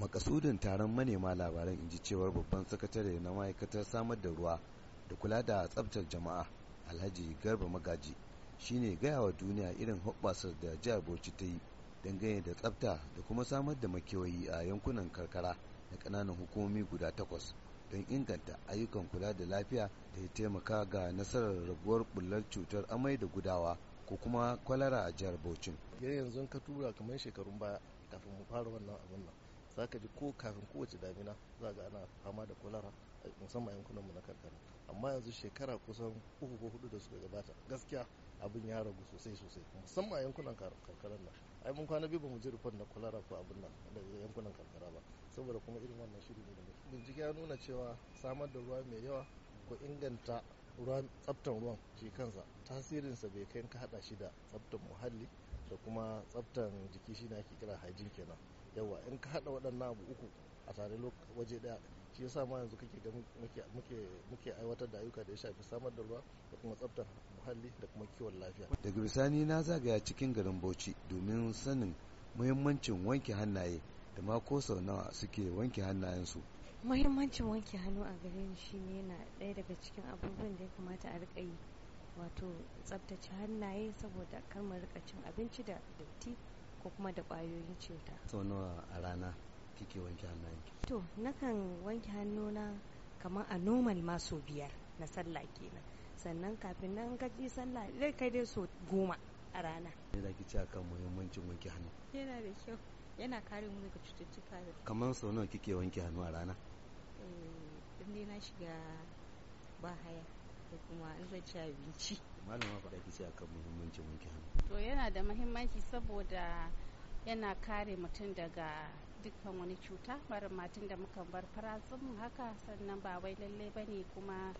makasudin taron manema labaran in ji cewar babban sakatare na ma'aikatar samar da ruwa da kula da tsabtar jama'a alhaji garba magaji shine gaya wa duniya irin hoɓɓasar da jihar bauchi ta yi dangane da tsabta da kuma samar da makewayi a yankunan karkara na ƙananan hukumomi guda takwas don inganta ayyukan kula da lafiya da ya taimaka ga nasarar raguwar bullar cutar amai da gudawa ko kuma kwalara a jihar bauchi yanzu ka tura kamar shekarun baya kafin mu fara wannan abin nan za ka ji ko kafin kowace damina za ga ana fama da kwalara eh, musamman yankunan mu na karkara amma yanzu shekara kusan uku ko hudu da suka gabata gaskiya abin ya ragu sosai sosai musamman a yankunan karkara nan ai mun kwana biyu ba mu ji rufon na kwalara ko abin nan daga yankunan karkara ba saboda kuma irin wannan shiri ne da muke bincike ya nuna cewa samar da ruwa mai yawa ko inganta ruwan tsaftan ruwan shi kansa tasirinsa bai kai ka hada shi da tsabtan muhalli da kuma tsaftan jiki shi ne ake kira hygiene kenan yawa in ka hada waɗannan abu uku a tare waje daya shi yasa ma yanzu kake ga muke aiwatar da ayyuka da ya shafi samar da ruwa da kuma tsaftar muhalli da kuma kiwon lafiya daga bisani na zagaya cikin garin bauchi domin sanin muhimmancin wanke hannaye da ma ko sau nawa suke wanke hannayen su. muhimmancin wanke hannu a gare ni shine yana ɗaya daga cikin abubuwan da ya kamata a rika yi wato tsaftace hannaye saboda kar mu rika cin abinci da datti ko kuma da ƙwayoyin cuta sau nawa a rana kike wanke hannayenki to nakan wanke hannuna kamar a normal ma sau biyar na sallah kenan sannan kafin nan gaji sallah zai kai dai sau goma a rana me za ki ce akan muhimmancin wanke hannu yana da kyau yana kare mu daga cututtuka da kamar sau nawa kike wanke hannu a rana eh, in dai na shiga bahaya ko kuma in zai ci abinci malama faɗa ki ce akan muhimmancin wanke hannu da mahimmanci saboda yana kare mutum daga dukkan wani cuta barin da muka bar mu haka sannan ba wai lalle ba ne kuma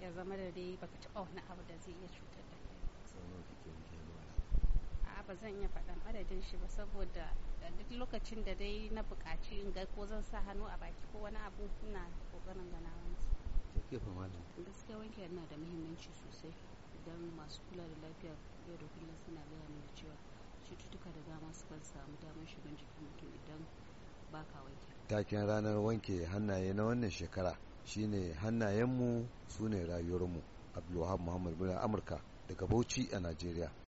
ya zama da dai baka taɓa wani abu da zai iya cutar da a'a ba zan iya faɗan adadin shi ba saboda duk lokacin da dai na buƙaci in ga ko zan sa hannu a baki ko wani abu ina ƙoƙarin gana wani gaskiya wanke yana da muhimmanci sosai idan masu kula da lafiya yau da kullum suna cututtuka da dama kan samu damar shigan jikin mutum idan ba ka wanke taken ranar wanke hannaye na wannan shekara shine hannayenmu su ne rayuwarmu abdulwahab muhammad muna amurka daga bauchi a najeriya